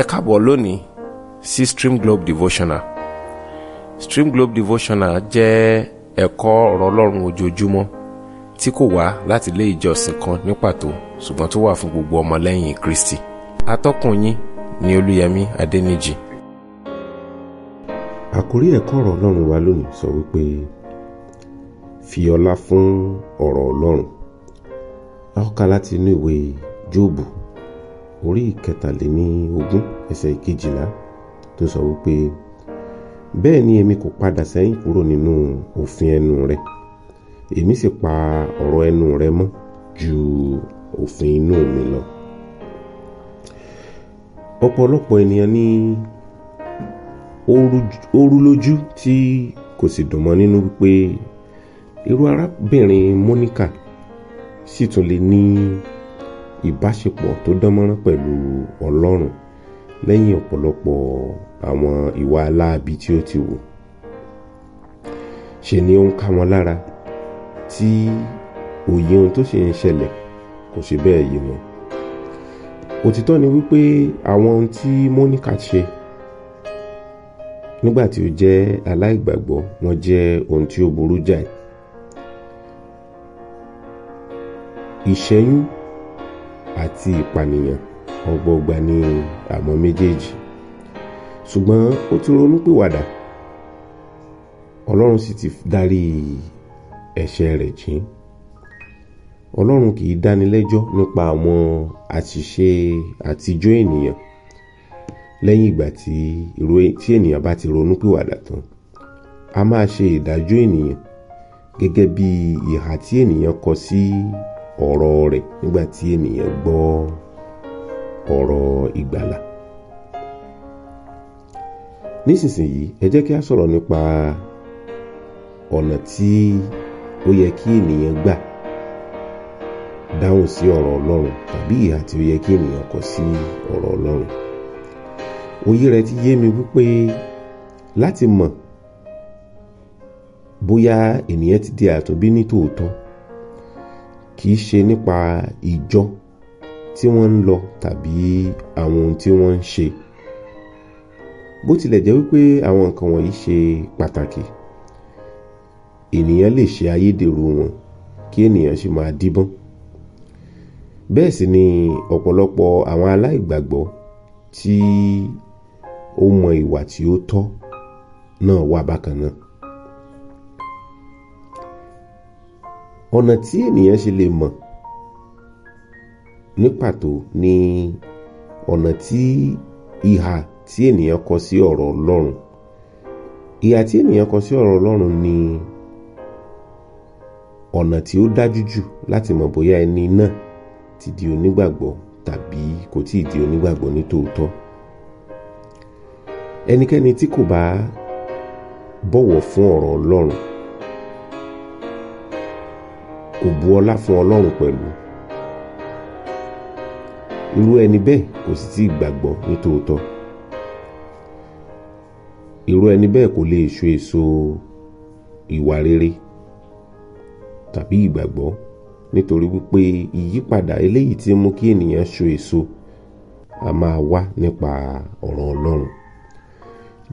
ẹ káàbọ̀ lónìí sí Stream Globe Devotional Stream Globe Devotional jẹ́ ẹ̀kọ́ ọ̀rọ̀ ọlọ́run ojoojúmọ́ tí kò wá láti ilé ìjọsìn kan ní pàtó ṣùgbọ́n tó wà fún gbogbo ọmọlẹ́yìn Kristi atọ́kùn yín ni Olúyẹmí Adẹ́nìjì. àkórí ẹ̀kọ́ ọ̀rọ̀ ọlọ́run wa lónìí sọ wípé fi ọlá fún ọ̀rọ̀ ọlọ́run a láti inú ìwé Jóòbù orí ìkẹtàléní ogún ẹsẹ̀ ìkejìlá tó sọ wípé bẹ́ẹ̀ ni èmi kò padà sẹ́yìn kúrò nínú òfin ẹnu rẹ èmi sì pa ọ̀rọ̀ ẹnu rẹ mọ́ ju òfin inú mi lọ. ọ̀pọ̀lọpọ̀ ènìyàn ni ó rú lójú tí kò sì dùn mọ́ nínú wípé irú arábìnrin Móníkà sì tún lè ní ìbáṣepọ̀ tó dánmọ́rán pẹ̀lú Ọlọ́run lẹ́yìn ọ̀pọ̀lọpọ̀ àwọn ìwà aláàbí tí ó ti wù ṣe ni ó ń ká wọn lára tí òye ohun tó sì ń ṣẹlẹ̀ kò ṣe bẹ́ẹ̀ yé wọn òtítọ́ ni wípé àwọn ohun tí Mónica ṣe nígbà tí ó jẹ́ aláìgbàgbọ́ wọn jẹ́ ohun tí ó burú jáì ìṣẹ́yún àti ìpànìyàn ọgbọọgba ni àwọn méjèèjì ṣùgbọ́n ó ti ronúpìwàdà ọlọ́run sì ti dárí ẹ̀ṣẹ̀ rẹ̀ jìn ọlọ́run kì í dánilẹ́jọ́ nípa àwọn àṣìṣe àtijọ́ ènìyàn lẹ́yìn ìgbà tí ènìyàn bá ti ronúpìwàdà tán a máa ṣe ìdájọ́ ènìyàn gẹ́gẹ́ bí ìhà tí ènìyàn kọ sí ọ̀rọ̀ rẹ̀ nígbà tí ènìyàn gbọ́ ọ̀rọ̀ ìgbàlà nísinsìnyí ẹ jẹ́ kí a sọ̀rọ̀ nípa ọ̀nà tí ó yẹ kí ènìyàn gbà dáhùn sí ọ̀rọ̀ ọlọ́run tàbí ìhà tí ó yẹ kí ènìyàn kọ sí ọ̀rọ̀ ọlọ́run rẹ ti yé mi wípé láti mọ̀ bóyá ènìyàn ti di àtúnbí ní tòótọ́ kì í ṣe nípa ìjọ tí wọ́n ń lọ tàbí àwọn ohun tí wọ́n ń ṣe. Bó tilẹ̀ jẹ́ wípé àwọn nǹkan wọ̀nyí ṣe pàtàkì, ènìyàn lè ṣe ayédèrú wọn kí ènìyàn sì máa díbọ́n. Bẹ́ẹ̀ sì ni ọ̀pọ̀lọpọ̀ àwọn aláìgbàgbọ́ tí ó mọ ìwà tí ó tọ́ náà wà bákan náà. ọ̀nà tí ènìyàn ṣe lè mọ̀ ní pàtó ni ọ̀nà tí ìhà tí ènìyàn kọ sí ọ̀rọ̀ Ọlọ́run ìhà tí ènìyàn kọ sí ọ̀rọ̀ Ọlọ́run ni ọ̀nà tí ó dájú jù láti mọ̀ bóyá ẹni náà ti di onígbàgbọ́ tàbí kò tí ì di onígbàgbọ́ ní tòótọ́ ẹnikẹ́ni tí kò bá bọ̀wọ̀ fún ọ̀rọ̀ Ọlọ́run kò bu ọlá fún ọlọ́run pẹ̀lú irú ẹni bẹ́ẹ̀ kò sì tí ì gbàgbọ́ nítòótọ́ irú ẹni bẹ́ẹ̀ kò lè so èso ìwà rere tàbí ìgbàgbọ́ nítorí wípé ìyípadà eléyìí tí ń mú kí ènìyàn so èso a máa wá nípa ọ̀rọ̀ ọlọ́run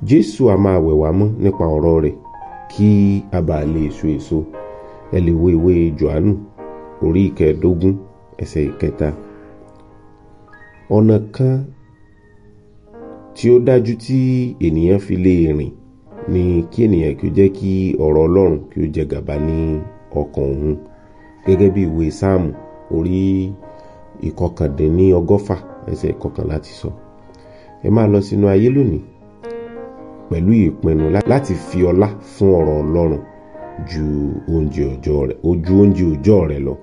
jésù a máa wẹ̀ wá mọ́ nípa ọ̀rọ̀ rẹ̀ kí a bàa lè so èso. so ẹ lè wo ìwé johannu orí ìkẹẹ̀ẹ́dógún ẹsẹ̀ ìkẹta ọ̀nà kan tí ó dájú tí ènìyàn fi lè rìn ni kí ènìyàn kí ó jẹ́ kí ọ̀rọ̀ ọlọ́run kí ó jẹ gàba ní ọkàn òun gẹ́gẹ́ bí ìwé sáàmù orí ìkọkàndínní ọgọ́fà ẹsẹ̀ ìkọkànlá ti sọ ẹ máa lọ sínú ayé lónìí pẹ̀lú ìpinnu láti fi ọlá fún ọ̀rọ̀ ọlọ́run ju oúnjẹ ọjọ́ rẹ̀ ojú oúnjẹ òjọ́ rẹ̀ lọ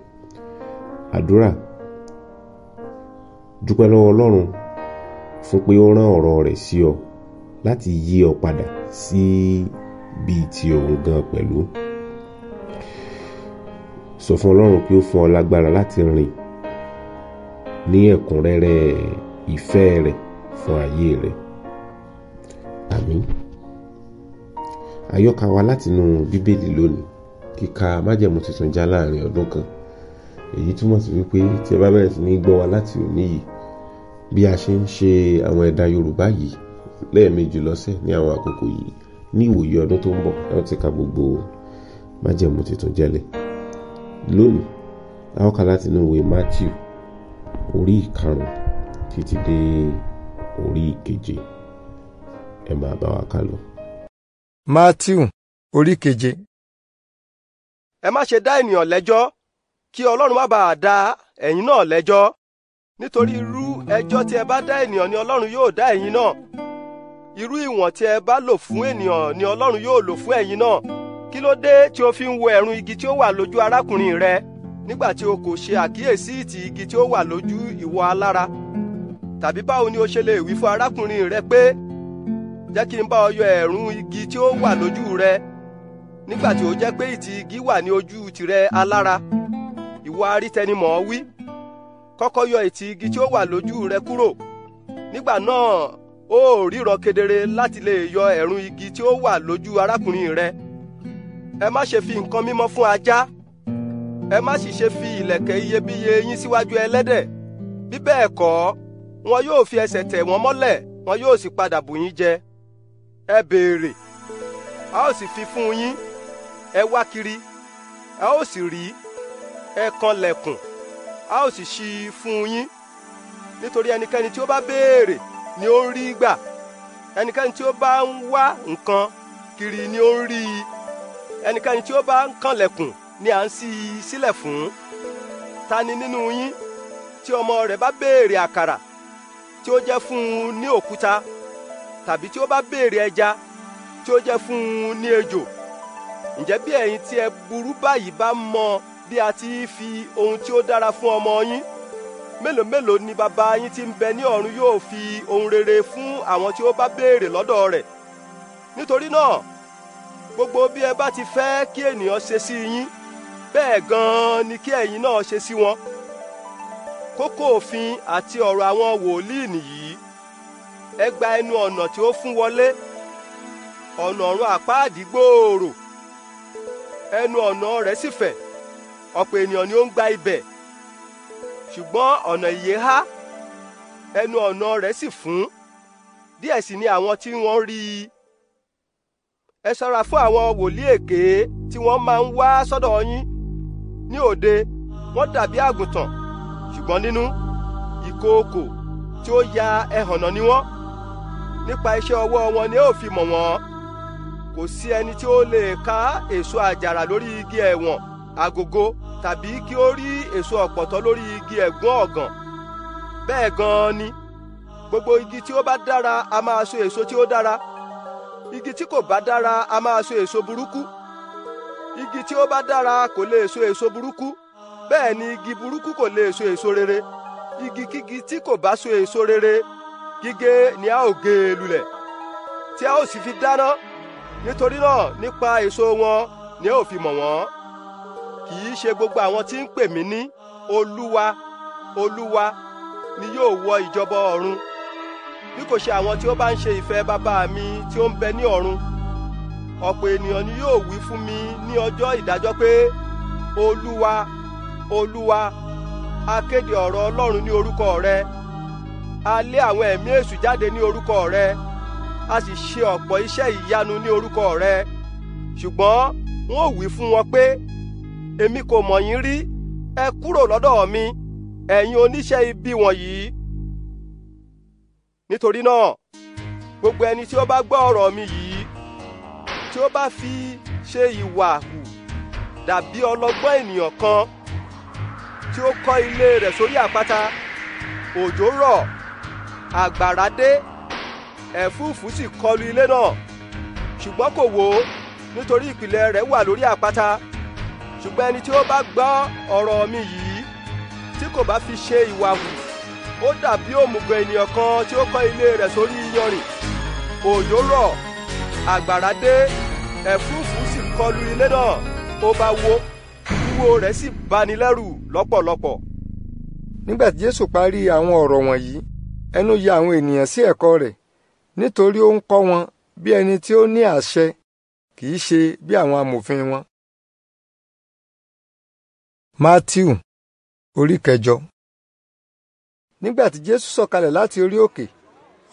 àdúrà dúpẹ́ lọ́wọ́ ọlọ́run fún pé ó rán ọ̀rọ̀ rẹ̀ sí ọ láti yí ọ padà sí bíi ti òun gan pẹ̀lú sọ fún ọlọ́run pé ó fún ọ lágbára láti rìn ní ẹ̀kúnrẹ́rẹ́ ìfẹ́ rẹ̀ fún ayé rẹ̀ àmín àyọkà wa látinú bíbélì lónìí kíka májẹ̀mú tuntun já láàrin ọdún kan èyí túmọ̀ sí wípé tí ẹ bá bẹ̀rẹ̀ sí ní gbọ́ wa láti òní yìí bí a ṣe ń ṣe àwọn ẹ̀dà yorùbá yìí lẹ́ẹ̀mejì lọ́sẹ̀ ní àwọn àkókò yìí ní ìwòye ọdún tó ń bọ̀ ẹ ti ka gbogbo májẹ̀mú tuntun jẹ́lẹ̀ lónìí a látinú ìwé matthew orí ìkarùn títí dé orí ìkeje ẹ máa bá wa kálọ. Matthew, orí keje. Ẹ má ṣe dá ènìyàn lẹ́jọ́ kí Ọlọ́run má bàa dá ẹ̀yin náà lẹ́jọ́ nítorí irú ẹjọ́ tí ẹ bá dá ènìyàn ni Ọlọ́run yóò dá ẹ̀yin náà irú ìwọ̀n tí ẹ bá lò fún ènìyàn ni Ọlọ́run yóò lò fún ẹ̀yin náà kí ló dé tí o fi ń wo ẹ̀rún igi tí ó wà lójú arákùnrin rẹ nígbà tí o kò ṣe àkíyèsí ìtì igi tí ó wà lójú ìwọ alára tàbí báwo ni o ṣe lè wí fún arákùnrin rẹ pé jẹ́ kí n bá ọ yọ ẹ̀rún igi tí ó wà lójú rẹ nígbà tí ó jẹ́ pé ìtì igi wà ní ojú tìrẹ alára ìwọ arítẹnimọ̀ wí kọ́kọ́ yọ ìtì igi tí ó wà lójú rẹ kúrò nígbà náà ó ríran kedere láti lè yọ ẹ̀rún igi tí ó wà lójú arákùnrin rẹ ẹ má ṣe fi nǹkan mímọ́ fún ajá ẹ má sì ṣe fi ìlẹ̀kẹ̀ iyebíye yín síwájú ẹlẹ́dẹ̀ bí bẹ́ẹ̀ kọ́ wọn yóò fi ẹsẹ̀ tẹ̀ wọ́n mọ́lẹ̀ wọn yóò sì padà bù yín jẹ ẹ béèrè a ó sì fi fún yín ẹ wá kiri a ó sì rí ẹ kanlẹ̀kùn a ó sì ṣí i fún yín nítorí ẹnikẹ́ni tí ó bá béèrè ni ó ń rí gbà ẹnikẹ́ni tí ó bá ń wá nǹkan kiri ni ó ń rí i ẹnikẹ́ni tí ó bá ń kanlẹ̀kùn ni à ń ṣí i sílẹ̀ fún ta ni nínú yín tí ọmọ rẹ̀ bá béèrè àkàrà tí ó jẹ́ fún un ní òkúta tàbí tí ó bá béèrè ẹja tí ó jẹ́ fún un ní ejò ǹjẹ́ bí ẹ̀yin tí ẹ burú báyìí bá mọ̀ bí a ti fi ohun tí ó dára fún ọmọ yín mélòó mélòó ni bàbá yín tí ń bẹ ní ọ̀run yóò fi ohun rere fún àwọn tí ó bá béèrè lọ́dọ̀ rẹ̀ nítorí náà gbogbo bí ẹ bá ti fẹ́ kí ènìyàn ṣe sí yín bẹ́ẹ̀ gan-an ni kí ẹ̀yin náà ṣe sí wọn kókó òfin àti ọ̀rọ̀ àwọn wòlíì nìyí ẹ gba ẹnu ọ̀nà tí ó fún wọlé ọ̀nà ọ̀run àpáàdì gbòòrò ẹnu ọ̀nà rẹ̀ sì fẹ̀ ọ̀pọ̀ ènìyàn ni ó ń gba ibẹ̀ ṣùgbọ́n ọ̀nà ìyè há ẹnu ọ̀nà rẹ̀ sì fún díẹ̀ sì ni àwọn tí wọ́n rí i ẹ ṣọ́ra fún àwọn wòlíì èké tí wọ́n máa ń wá sọ́dọ̀ yín ní òde wọ́n dàbí àgùntàn ṣùgbọ́n nínú ìkookò tí ó ya ẹhànnà ni wọ́n nípa iṣẹ́ ọwọ́ wọn ni ó fi mọ̀ wọ́n kò sí ẹni tí ó lè ká èso àjàrà lórí igi ẹ̀wọ̀n àgógó tàbí kí ó rí èso ọ̀pọ̀tọ́ lórí igi ẹ̀gún ọ̀gàn bẹ́ẹ̀ gan-an ni gbogbo igi tí ó bá dára a máa so èso tí ó dára igi tí kò bá dára a máa so èso burúkú igi tí ó bá dára kò lè so èso burúkú bẹ́ẹ̀ ni igi burúkú kò lè so èso rere igikígi tí kò bá so èso rere gígé ni a ó gé e lulẹ̀ tí a ó sì fi dáná nítorí náà nípa èso wọn ni a ó fi mọ̀ wọ́n kì í ṣe gbogbo àwọn tí ń pè mí ní olúwa olúwa ni yóò wọ ìjọba ọ̀run bí kò ṣe àwọn tí ó bá ń ṣe ìfẹ́ bàbá mi tí ó ń bẹ ní ọ̀run ọ̀pọ̀ ènìyàn ni yóò wí fún mi ní ọjọ́ ìdájọ́ pé olúwa olúwa a ọ̀rọ̀ ọlọ́run ní orúkọ rẹ a lé àwọn ẹ̀mí èṣù jáde ní orúkọ rẹ a sì ṣe ọ̀pọ̀ iṣẹ́ ìyanu ní orúkọ rẹ ṣùgbọ́n wọn wí fún wọn pé èmi kò mọ̀ yín rí ẹ kúrò lọ́dọ̀ mi ẹ̀yin oníṣẹ́ ibi wọ̀nyí. nítorí náà gbogbo ẹni tí ó bá gbọ́ ọ̀rọ̀ mi yìí tí ó bá fi ṣe ìwà hù dàbí ọlọ́gbọ́n ènìyàn kan tí ó kọ́ ilé rẹ̀ sórí àpáta òjò rọ̀ àgbàrá dé ẹ̀fúùfù sì kọlu ilé náà ṣùgbọ́n kò wó nítorí ìpìlẹ̀ rẹ̀ wà lórí àpáta ṣùgbọ́n ẹni tí ó bá gbọ́ ọ̀rọ̀ mi yìí tí kò bá fi ṣe ìwà hù ó dàbí òmùgọ̀ ènìyàn kan tí ó kọ́ ilé rẹ̀ sórí iyanrìn òjò rọ̀ àgbàrá dé ẹ̀fúùfù sì kọlu ilé náà ó bá wó wíwó rẹ̀ sì bani lẹ́rù lọ́pọ̀lọpọ̀. nígbà tí jésù parí àwọn ọ̀rọ̀ wọ̀nyí ẹnu ya àwọn ènìyàn sí ẹ̀kọ́ rẹ̀ nítorí ó ń kọ́ wọn bí ẹni tí ó ní àṣẹ kì í ṣe bí àwọn amòfin wọn. Mátíù orí kẹjọ nígbà tí Jésù sọ̀kalẹ̀ láti orí òkè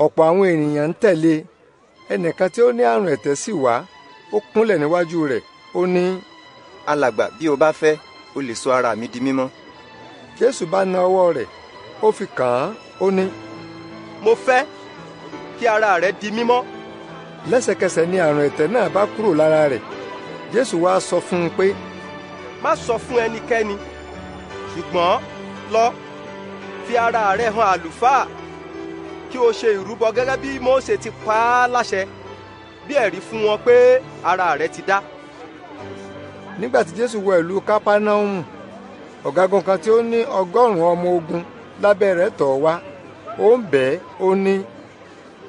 ọ̀pọ̀ àwọn ènìyàn ń tẹ̀lé e. ẹnìkan tí ó ní àrùn ẹ̀tẹ̀ sì wá ó kúnlẹ̀ níwájú rẹ̀ ó ní. alàgbà bí o bá fẹ́ o lè sọ ara mi di mímọ́. Jésù bá na ọwọ́ rẹ̀ ó fi kàn án ó ní mo fẹ́ kí ara rẹ di mímọ́. lẹ́sẹ̀kẹsẹ̀ ni àrùn ẹ̀tẹ̀ náà bá kúrò lára rẹ̀ jésù wá sọ fún un pé. má sọ fún ẹnikẹ́ni ṣùgbọ́n lọ fi ara rẹ hàn àlùfáà kí o ṣe ìrúbọ gẹ́gẹ́ bí Mósè ti pa á láṣẹ bí ẹ̀rí fún wọn pé ara rẹ ti dá. nígbà tí jésù wọ ìlú kápánáhùn ọ̀gágun kan tí ó ní ọgọ́rùn-ún ọmọ ogun lábẹ́ rẹ̀ tọ̀ wá ó ń bẹ́ẹ̀ ó ní.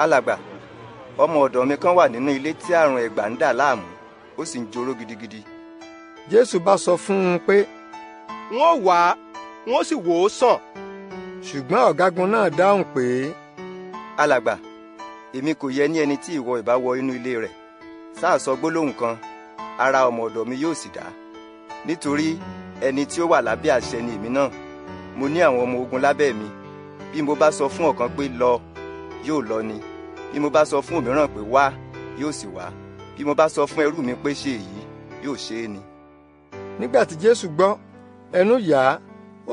alàgbà ọmọ ọ̀dọ̀ mi kan wà nínú ilé tí àrùn ẹ̀gbà ń dà láàmú ó sì ń joró gidigidi. jésù bá sọ fún un pé. wọ́n wá wọ́n sì wò ó sàn. ṣùgbọ́n ọ̀gágun náà dáhùn pé. alàgbà èmi kò yẹ ní ẹni tí ìwọ ìbá wọ inú ilé rẹ̀ sáà sọ gbólóhùn kan ara ọmọ ọ̀dọ̀ mi yóò sì dá nítorí ẹni tí ó wà lábẹ́ àṣẹ ni èmi náà mo ní àwọn ọmọ ogun lábẹ́ mi bí mo bá sọ fún ọ̀kan pé lọ yóò lọ ni bí mo bá sọ fún òmíràn pé wá yóò sì wá bí mo bá sọ fún ẹrú mi pé ṣe èyí yóò ṣe é ni. nígbà tí jésù gbọ́ ẹnu yà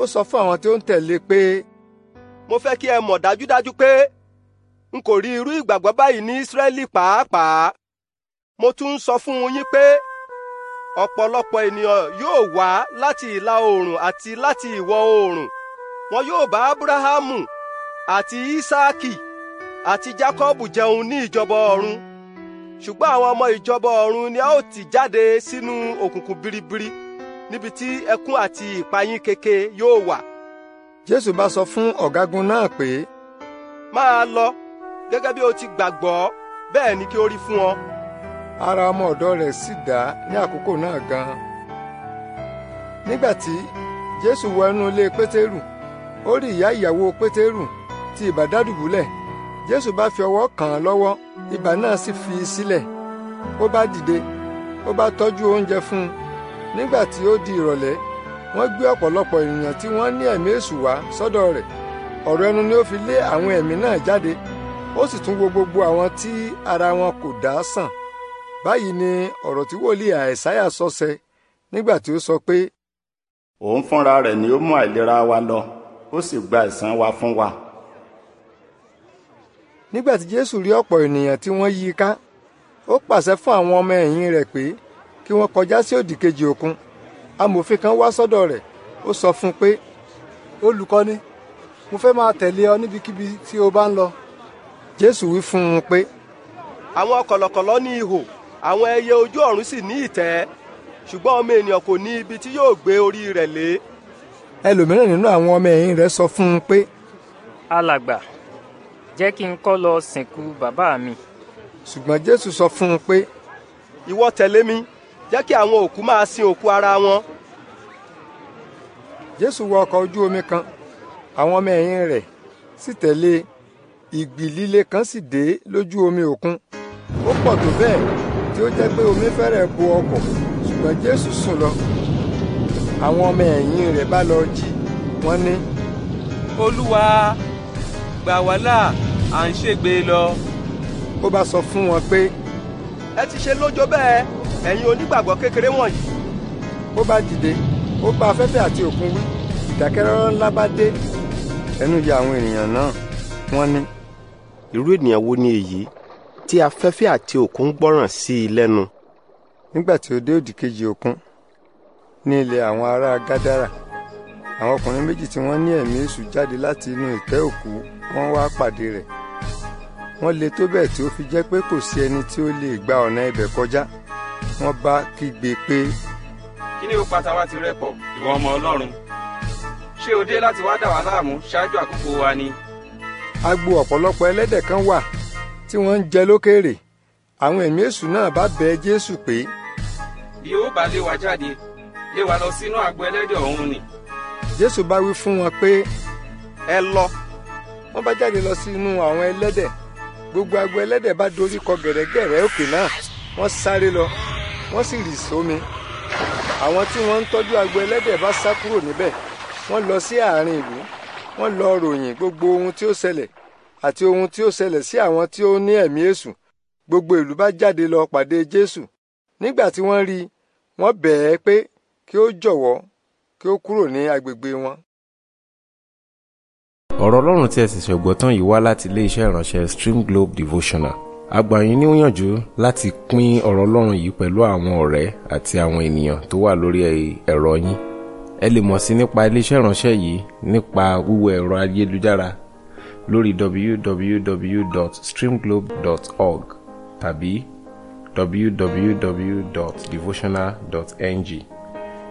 ó sọ fún àwọn tí ó ń tẹ̀lé pé. mo fẹ́ kí ẹ mọ̀ dájúdájú pé n kò rí irú ìgbàgbọ́ báyìí ní ísírẹ́lì pàápàá mo tún ń sọ fún yín pé ọ̀pọ̀lọpọ̀ ènìyàn yóò wá láti ìlà oòrùn àti láti ìwọ̀ oòrùn wọn yóò bá abrahamu àti isaaki àti jacobu jẹun ní ìjọba ọ̀run ṣùgbọ́n àwọn ọmọ ìjọba ọ̀run ni a ó ti jáde sínú òkùnkùn biribiri níbi tí ẹkún àti ìpayín keke yóò wà. jésù bá sọ fún ọ̀gágun náà pé. máa lọ gẹ́gẹ́ bí o ti gbàgbọ́ bẹ́ẹ̀ ni kí ó rí fún ọ. ara ọmọ ọ̀dọ̀ rẹ̀ sì dá ní àkókò náà gan-an. nígbà tí jésù wọ inú ilé pétérù ó rí ìyá ìyàwó pétérù tí ibà dádùbúlẹ̀ jésù bá fi ọwọ́ kàn án lọ́wọ́ ibà náà sì fi í sílẹ̀ ó bá dìde ó bá tọ́jú oúnjẹ fún un nígbà tí ó di ìrọ̀lẹ́ wọ́n gbé ọ̀pọ̀lọpọ̀ ènìyàn tí wọ́n ní ẹ̀mí èṣù wá sọ́dọ̀ rẹ̀ ọ̀rọ̀ ẹnu ni ó fi lé àwọn ẹ̀mí náà jáde ó sì tún wo gbogbo àwọn tí ara wọn kò dá sàn báyìí ni ọ̀rọ̀ tí wòlíì àìsáyà sọ nígbà tí ó sọ pé. òun fúnra rẹ̀ ni ó mú àìlera wa lọ ó sì gba ẹ̀san wa fún wa. nígbà tí jésù rí ọ̀pọ̀ ènìyàn tí wọ́n yí i ká ó pàṣẹ fún àwọn ọmọ ẹ̀yìn rẹ̀ pé kí wọ́n kọjá sí òdì kejì òkun amòfin kan wá sọ́dọ̀ rẹ̀ ó sọ fún un pé olùkọ́ni mo fẹ́ máa tẹ̀lé ọ níbikíbi tí o bá ń lọ. jésù wí fún un pé. àwọn kọ̀lọ̀kọ̀lọ̀ ní ihò àwọn ẹyẹ ojú ọ̀run sì ní ìtẹ́ ṣùgbọ́n ọmọ ènìyàn kò ní ibi tí yóò gbé orí rẹ̀ lé ẹlòmíràn nínú àwọn ọmọ ẹ̀yìn rẹ̀ sọ fún un pé. alàgbà jẹ́ kí n kọ́ lọ sìnkú bàbá mi. ṣùgbọ́n jésù sọ fún un pé. ìwọ tẹ̀lé mi jẹ́ kí àwọn òkú máa sin òkú ara wọn. jésù wọ ọkọ̀ ojú omi kan àwọn ọmọ ẹ̀yìn rẹ̀ sì tẹ̀lé e. ìgbì líle kan sì dé lójú omi òkun ó pọ̀ tó bẹ́ẹ̀ tí ó jẹ́ pé omi fẹ́rẹ̀ bo ọkọ̀ ṣùgbọ́n jésù sùn lọ àwọn ọmọ ẹ̀yìn rẹ̀ bá lọ jí wọ́n ní. olúwa gbà wá là à ń ṣègbè lọ. ó bá sọ fún wọn pé. ẹ ti ṣe lójo bẹ́ẹ̀ ẹ̀yin onígbàgbọ́ kékeré wọ̀nyí. ó bá dìde ó bá afẹ́fẹ́ àti òkun wí ìdákẹ́rọ́rọ́ ńlá bá dé ẹnu ya àwọn ènìyàn náà wọ́n ní. irú ènìyàn wo ni èyí tí afẹ́fẹ́ àti òkun gbọ́ràn sí i lẹ́nu. nígbà tí o dé òdì kejì òkun ní ilẹ̀ àwọn ará gádárà àwọn ọkùnrin méjì tí wọ́n ní ẹ̀mí èṣù jáde láti inú ìtẹ́ òkú wọ́n wá pàdé rẹ̀ wọ́n le tó bẹ́ẹ̀ tí ó fi jẹ́ pé kò sí ẹni tí ó lè gba ọ̀nà ibẹ̀ kọjá wọ́n bá kígbe pé. kí ni ó pa tàwa ti rẹ pọ̀ ìwọ ọmọ ọlọ́run ṣé o dé láti wá dà wá láàmú ṣáájú àkókò wa ni. agbo ọ̀pọ̀lọpọ̀ ẹlẹ́dẹ̀ kan wà tí wọ́n ń jẹ lókèèrè àwọn ẹ̀mí èṣù náà bá bẹ Jésù pé. bí ó bá lé wa jáde yé wa lọ sínú àgbo ẹlẹ́dẹ̀ ọ̀hún ni. jésù bá wí fún wọn pé ẹ lọ wọ́n bá jáde lọ sínú àwọn ẹlẹ́dẹ̀ gbogbo agbo ẹlẹ́dẹ̀ bá dorí kọ gẹ̀rẹ́gẹ̀rẹ́ òkè náà wọ́n sáré lọ wọ́n sì rì sómi àwọn tí wọ́n ń tọ́jú agbo ẹlẹ́dẹ̀ bá sá kúrò níbẹ̀ wọ́n lọ sí àárín ìlú wọ́n lọ ròyìn gbogbo ohun tí ó ṣẹlẹ̀ àti ohun tí ó ṣẹlẹ̀ sí àwọn tí ó ní ẹ̀mí èṣù gbogbo ìlú bá jáde lọ pàdé jésù nígbà tí wọ́n rí i wọ́n pé kí ó jọ̀wọ́ kí ó kúrò ní agbègbè wọn. ọ̀rọ̀ ọlọ́run tí ẹ sì ṣẹ̀gbọ́ tán yìí wá láti iléeṣẹ́ ìránṣẹ́ Stream Globe Devotional a gbà yín níyànjú láti pín ọ̀rọ̀ ọlọ́run yìí pẹ̀lú àwọn ọ̀rẹ́ àti àwọn ènìyàn tó wà lórí ẹ̀rọ yín ẹ lè mọ̀ sí nípa iléeṣẹ́ ìránṣẹ́ yìí nípa wíwọ ẹ̀rọ ayélujára lórí www.streamglobe.org tàbí www.devotional.ng